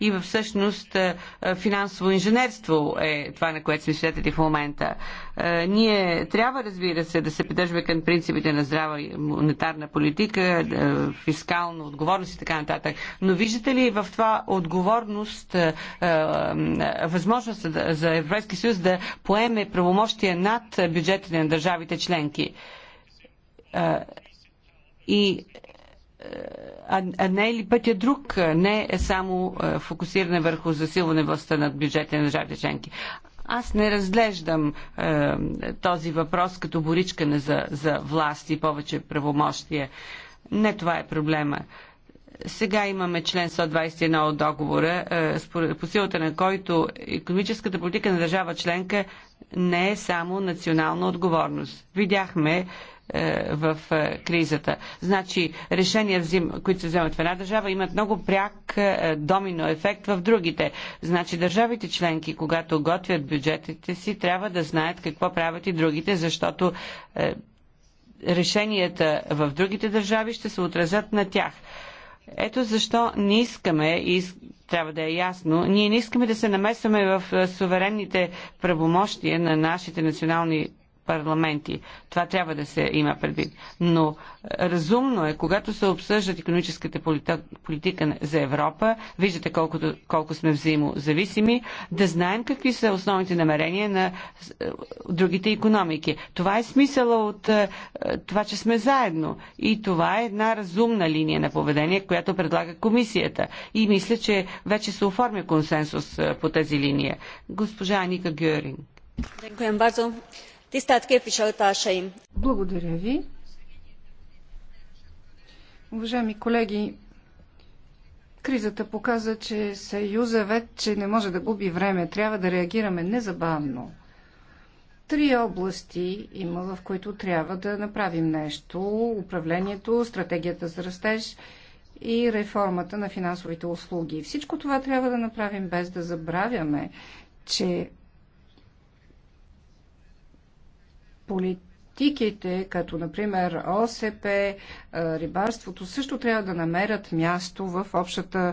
И всъщност е, е, финансово инженерство е това, на което сме свидетели в момента. Ние трябва, разбира се, да се придържаме към принципите на здрава и монетарна политика, фискална отговорност и така нататък. Но виждате ли в това отговорност, възможност за Европейския съюз да поеме правомощия над бюджетите на държавите членки? и а, а не е ли пътя друг, не е само фокусиране върху засилване властта над бюджета на държавите членки. Аз не разглеждам а, този въпрос като боричкане за, за власт и повече правомощия. Не това е проблема. Сега имаме член 121 от договора, е, по силата на който економическата политика на държава членка не е само национална отговорност. Видяхме е, в е, кризата. Значи решения, които се вземат в една държава, имат много пряк домино ефект в другите. Значи държавите членки, когато готвят бюджетите си, трябва да знаят какво правят и другите, защото решенията в другите държави ще се отразят на тях. Ето защо не искаме и трябва да е ясно, ние не искаме да се намесваме в суверенните правомощия на нашите национални парламенти. Това трябва да се има предвид. Но разумно е, когато се обсъждат економическата политика за Европа, виждате колко, колко сме взаимозависими, да знаем какви са основните намерения на е, другите економики. Това е смисъла от е, това, че сме заедно. И това е една разумна линия на поведение, която предлага комисията. И мисля, че вече се оформя консенсус е, по тази линия. Госпожа Аника Гюринг. Dziękuję bardzo. Tisztelt képviselőtársaim! Благодаря ви. Уважаеми колеги, кризата показа, че Съюза вече не може да губи време. Трябва да реагираме незабавно. Три области има, в които трябва да направим нещо. Управлението, стратегията за растеж и реформата на финансовите услуги. Всичко това трябва да направим без да забравяме, че политиките, като например ОСП, рибарството, също трябва да намерят място в общата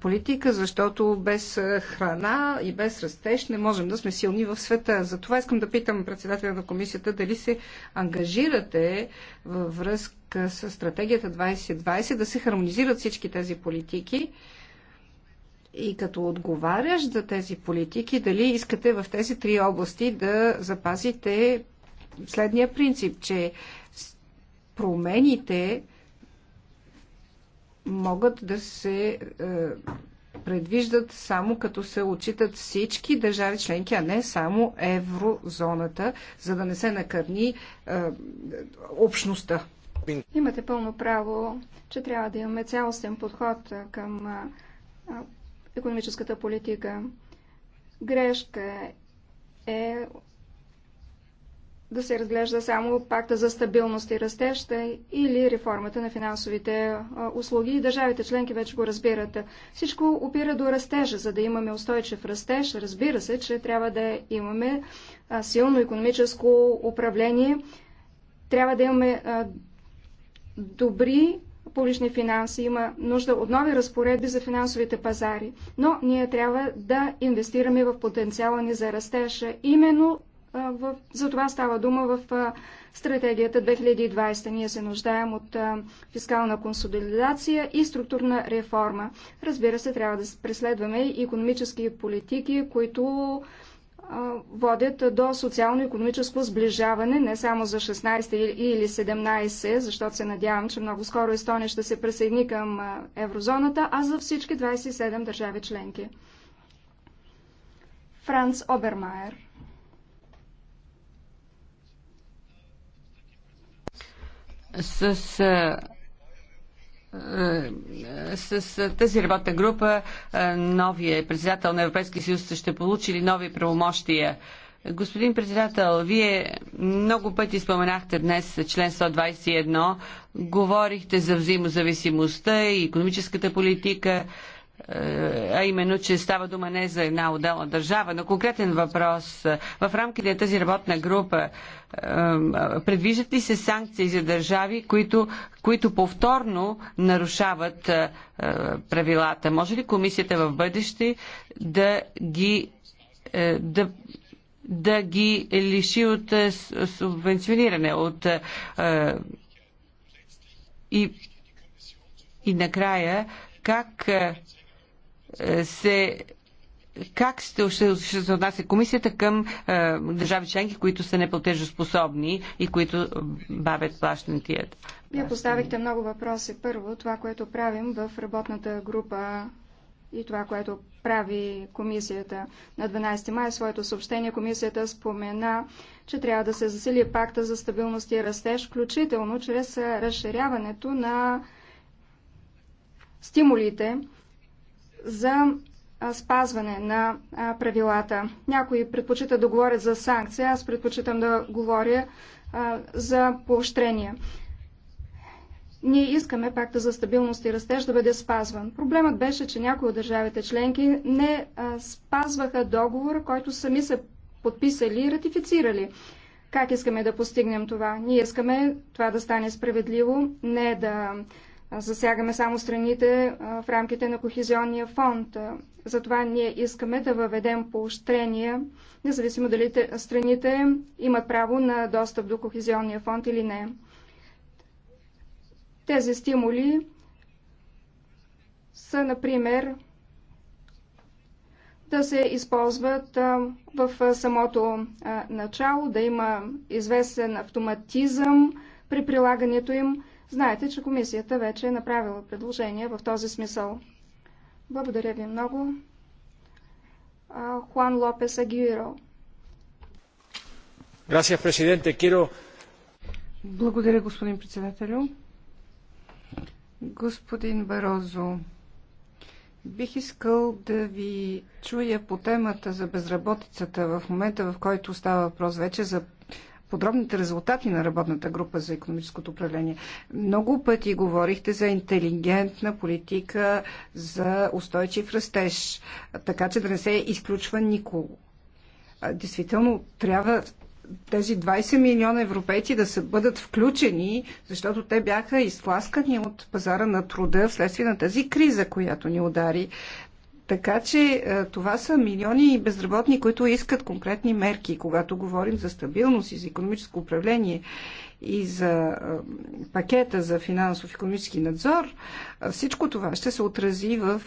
политика, защото без храна и без растеж не можем да сме силни в света. Затова искам да питам председателя на комисията дали се ангажирате във връзка с стратегията 2020 да се хармонизират всички тези политики и като отговаряш за тези политики, дали искате в тези три области да запазите следния принцип, че промените могат да се е, предвиждат само като се отчитат всички държави членки, а не само еврозоната, за да не се накърни е, общността. Имате пълно право, че трябва да имаме цялостен подход е, към е, економическата политика. Грешка е да се разглежда само пакта за стабилност и растеж или реформата на финансовите услуги. И държавите членки вече го разбират. Всичко опира до растежа. За да имаме устойчив растеж, разбира се, че трябва да имаме силно економическо управление. Трябва да имаме добри публични финанси, има нужда от нови разпоредби за финансовите пазари, но ние трябва да инвестираме в потенциала ни за растеж. Именно в... За това става дума в стратегията 2020. Ние се нуждаем от фискална консолидация и структурна реформа. Разбира се, трябва да преследваме и економически политики, които водят до социално-економическо сближаване, не само за 16 или 17, защото се надявам, че много скоро Естония ще се присъедини към еврозоната, а за всички 27 държави членки. Франц Обермайер с с тази работна група новия председател на Европейския съюз ще получи ли нови правомощия? Господин председател, вие много пъти споменахте днес член 121, говорихте за взаимозависимостта и економическата политика. Е, а именно, че става дума не за една отделна държава, но конкретен въпрос. Е, в рамките на тази работна група е, предвиждат ли се санкции за държави, които, които повторно нарушават правилата? Може ли комисията в бъдеще да ги да да ги лиши от субвенциониране, от и, и накрая как е, се как ще, ще, ще се отнася комисията към е, държави членки, които са неплатежоспособни и които бавят плащантият? Вие поставихте много въпроси. Първо, това, което правим в работната група и това, което прави комисията. На 12 май своето съобщение комисията спомена, че трябва да се засили пакта за стабилност и растеж, включително чрез разширяването на стимулите, за спазване на правилата. Някои предпочитат да говорят за санкция, аз предпочитам да говоря за поощрение. Ние искаме пакта за стабилност и растеж да бъде спазван. Проблемът беше, че някои от държавите членки не спазваха договор, който сами са подписали и ратифицирали. Как искаме да постигнем това? Ние искаме това да стане справедливо, не да засягаме само страните в рамките на Кохизионния фонд. Затова ние искаме да въведем поощрения, независимо дали страните имат право на достъп до Кохизионния фонд или не. Тези стимули са, например, да се използват в самото начало, да има известен автоматизъм при прилагането им, Знаете, че комисията вече е направила предложение в този смисъл. Благодаря ви много. Хуан Лопес Агиро. Gracias, presidente. Благодаря, господин председателю. Господин Барозо, бих искал да ви чуя по темата за безработицата в момента, в който става въпрос вече за подробните резултати на работната група за економическото управление. Много пъти говорихте за интелигентна политика, за устойчив растеж, така че да не се изключва никого. Действително, трябва тези 20 милиона европейци да се бъдат включени, защото те бяха изтласкани от пазара на труда вследствие на тази криза, която ни удари. Така че е, това са милиони безработни, които искат конкретни мерки, когато говорим за стабилност и за економическо управление и за е, пакета за финансов-економически надзор, е, всичко това ще се отрази в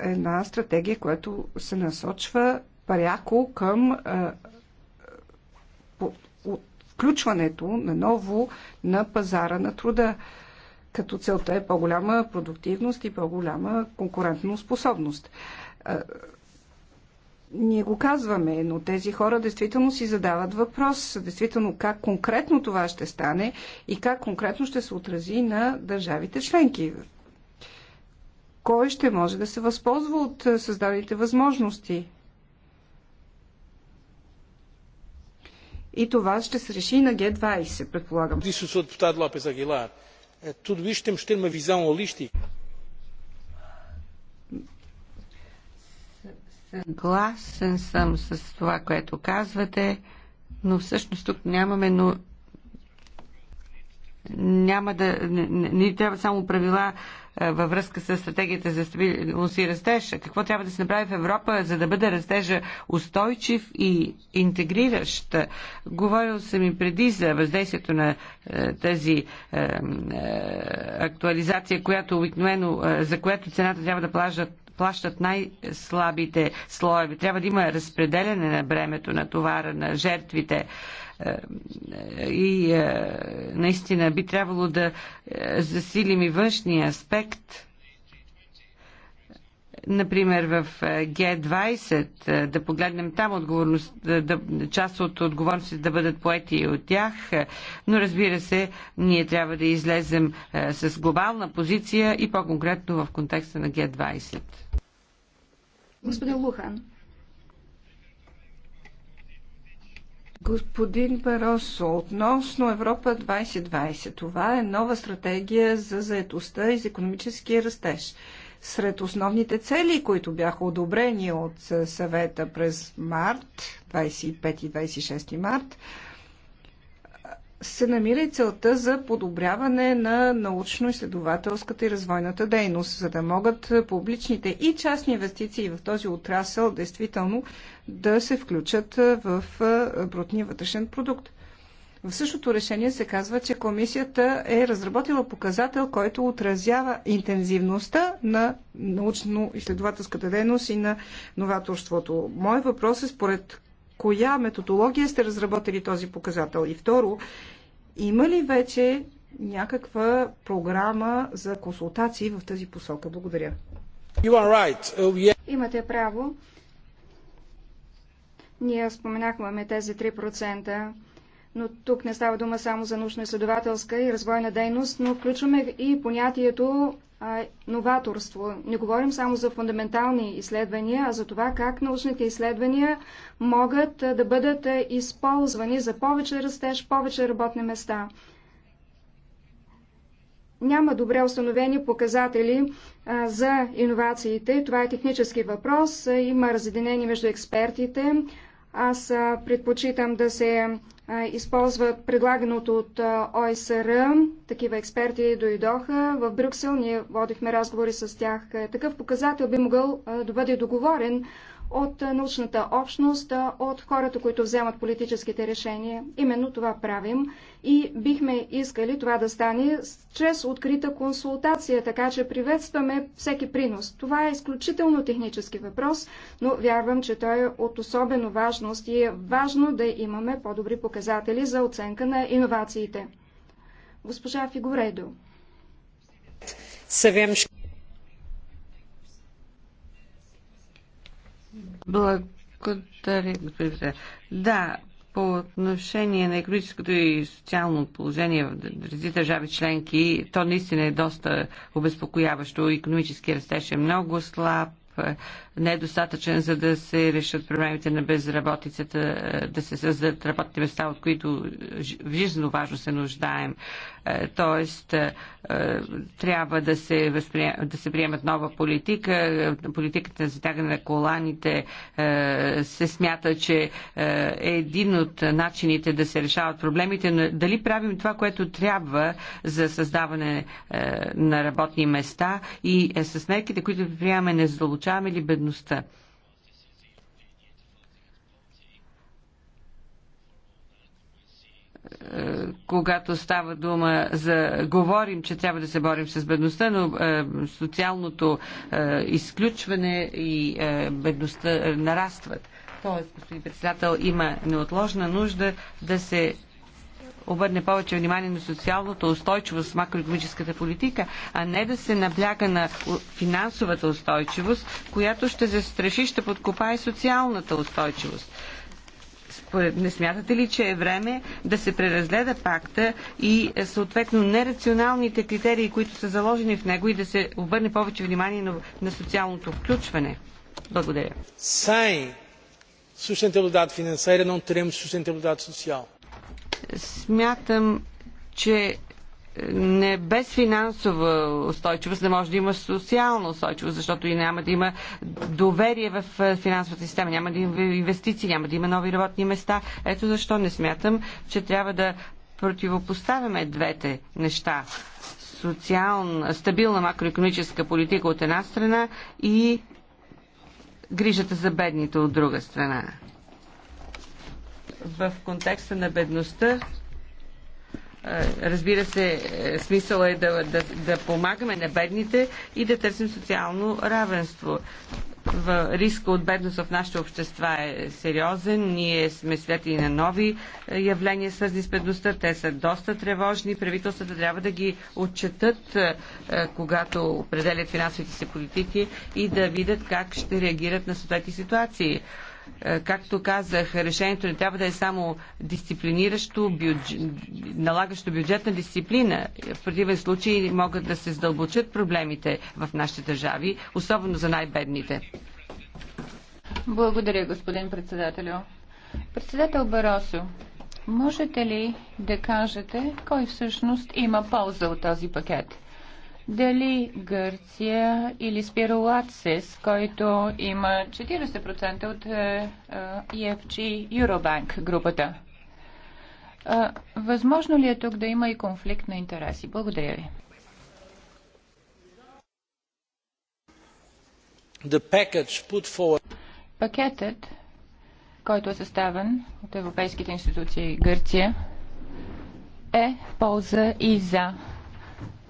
една стратегия, която се насочва пряко към включването на ново на пазара на труда като целта е по-голяма продуктивност и по-голяма конкурентно способност ние го казваме, но тези хора действително си задават въпрос, действително как конкретно това ще стане и как конкретно ще се отрази на държавите членки. Кой ще може да се възползва от създадените възможности? И това ще се реши на Г20, предполагам. Disse o Sr. Deputado López Aguilar, tudo isto Съгласен съм с това, което казвате, но всъщност тук нямаме но няма да... Ни трябва само правила е, във връзка с стратегията за стабилност и растеж. Какво трябва да се направи в Европа, за да бъде растежа устойчив и интегриращ? Говорил съм и преди за въздействието на е, тази е, актуализация, която обикновено, за която цената трябва да плажат плащат най-слабите слоеви. Трябва да има разпределяне на бремето, на товара, на жертвите е, е, и е, наистина би трябвало да засилим и външния аспект Например, в g е, 20 е, да погледнем там отговорност, да, част от отговорностите да бъдат поети от тях, е, но разбира се, ние трябва да излезем с глобална позиция и по-конкретно в контекста на g 20 Господин Лухан. Господин Баросо, относно Европа 2020, това е нова стратегия за заетостта и за економическия растеж. Сред основните цели, които бяха одобрени от съвета през март, 25 и 26 март, се намира и целта за подобряване на научно-изследователската и развойната дейност, за да могат публичните и частни инвестиции в този отрасъл действително да се включат в брутния вътрешен продукт. В същото решение се казва, че комисията е разработила показател, който отразява интензивността на научно-изследователската дейност и на новаторството. Мой въпрос е според коя методология сте разработили този показател? И второ, има ли вече някаква програма за консултации в тази посока? Благодаря. Right. Oh, yeah. Имате право. Ние споменахме тези 3% но тук не става дума само за научно-изследователска и развойна дейност, но включваме и понятието а, новаторство. Не говорим само за фундаментални изследвания, а за това как научните изследвания могат да бъдат използвани за повече растеж, повече работни места. Няма добре установени показатели а, за иновациите. Това е технически въпрос. Има разединение между експертите. Аз предпочитам да се използва предлаганото от ОСР. Такива експерти дойдоха в Брюксел, ние водихме разговори с тях. Е, такъв показател би могъл да бъде договорен от научната общност, от хората, които вземат политическите решения. Именно това правим и бихме искали това да стане чрез открита консултация, така че приветстваме всеки принос. Това е изключително технически въпрос, но вярвам, че той е от особено важност и е важно да имаме по-добри показатели за оценка на иновациите. Госпожа Фигурейдо. Се Благодаря, господин Да, по отношение на економическото и социално положение в тези държави членки, то наистина е доста обезпокояващо. Економически растеж е много слаб, не е достатъчен, за да се решат проблемите на безработицата, да се създадат работни места, от които жизненно важно се нуждаем т.е. Е, е, трябва да се, да се приемат нова политика. Е, политиката на затягане на коланите се смята, че е един от начините да се решават проблемите, но дали правим това, което трябва за създаване на работни места и с мерките, които приемаме, не задълбочаваме ли бедността? когато става дума за... Говорим, че трябва да се борим с бедността, но е, социалното е, изключване и е, бедността нарастват. Тоест, господин председател, има неотложна нужда да се обърне повече внимание на социалната устойчивост, макроекономическата политика, а не да се набляга на финансовата устойчивост, която ще застраши, ще подкопае социалната устойчивост. Според, не смятате ли, че е време да се преразгледа пакта и е, съответно нерационалните критерии, които са заложени в него и да се обърне повече внимание на, на социалното включване? Благодаря. Sem sustentabilidade financeira não teremos sustentabilidade social. Смятам, че не без финансова устойчивост не може да има социална устойчивост, защото и няма да има доверие в е, финансовата система, няма да има инвестиции, няма да има нови работни места. Ето защо не смятам, че трябва да противопоставяме двете неща. Социална, стабилна макроекономическа политика от една страна и грижата за бедните от друга страна. В контекста на бедността е, разбира се, е, смисъл е да, да, да помагаме на бедните и да търсим социално равенство. В риска от бедност в нашите общества е сериозен. Ние сме свети на нови е, явления, свързани с бедността. Те са доста тревожни. Правителствата трябва да ги отчетат, когато определят финансовите си политики и да видят как ще реагират на съответни ситуации. Е, както казах, решението не трябва да е само дисциплиниращо, бюдж... налагащо бюджетна дисциплина. В противен случай могат да се задълбочат проблемите в нашите държави, особено за най-бедните. Благодаря, господин председателю. Председател Баросо, можете ли да кажете кой всъщност има полза от този пакет? дали Гърция или Спирулацис, който има 40% от е, е, EFG Eurobank групата. Възможно ли е тук да има и конфликт на интереси? Благодаря ви. Пакетът, който е съставен от европейските институции Гърция, е полза и за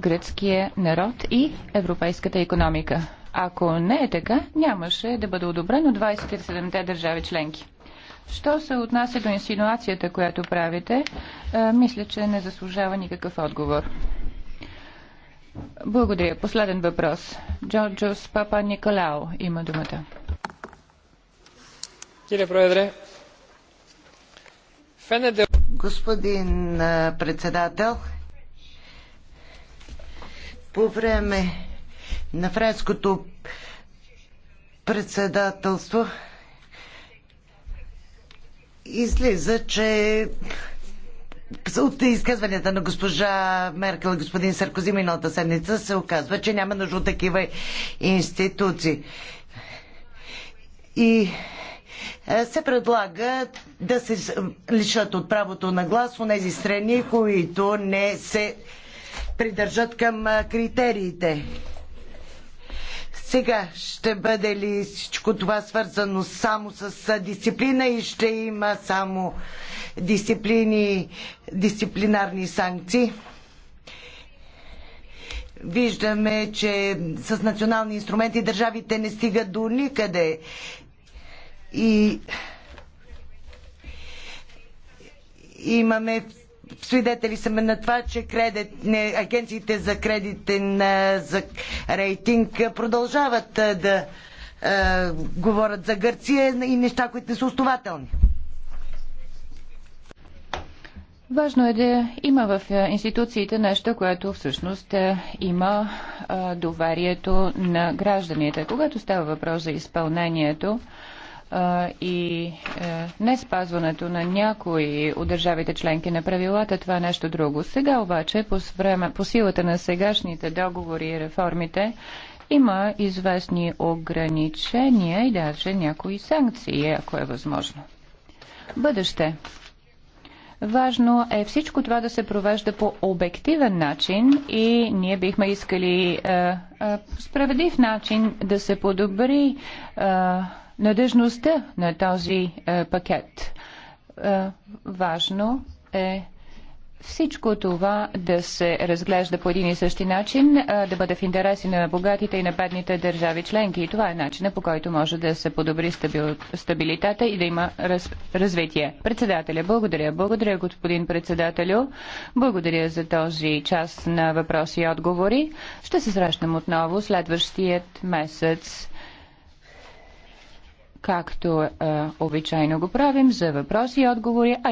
гръцкия народ и европейската економика. Ако не е така, нямаше да бъде от 27-те държави членки. Що се отнася до инсинуацията, която правите, е, мисля, че не заслужава никакъв отговор. Благодаря. Последен въпрос. Джорджос Папа Николао има думата. Кире Проедре, Господин председател, по време на френското председателство излиза, че от изказванията на госпожа Меркел и господин Саркози миналата седмица се оказва, че няма нужда от такива институции. И е, се предлага да се лишат от правото на глас у нези страни, които не се придържат към критериите. Сега ще бъде ли всичко това свързано само с дисциплина и ще има само дисциплини, дисциплинарни санкции? Виждаме, че с национални инструменти държавите не стигат до никъде. И имаме свидетели сме на това, че кредит, не, агенциите за кредитен за рейтинг продължават да е, говорят за Гърция и неща, които не са основателни. Важно е да има в институциите нещо, което всъщност е, има доверието на гражданите. Когато става въпрос за изпълнението, и е, не спазването на някои от държавите членки на правилата, това е нещо друго. Сега обаче, по, време, по силата на сегашните договори и реформите, има известни ограничения и даже някои санкции, ако е възможно. Бъдеще. Важно е всичко това да се провежда по обективен начин и ние бихме искали е, е, справедлив начин да се подобри е, надежността на този е, пакет. Е, важно е всичко това да се разглежда по един и същи начин, е, да бъде в интереси на богатите и на бедните държави членки. И това е начинът по който може да се подобри стабил... стабилитета и да има раз... развитие. Председателя, благодаря. Благодаря, господин председателю. Благодаря за този час на въпроси и отговори. Ще се срещнем отново следващият месец както е, обичайно го правим, за въпроси и отговори, а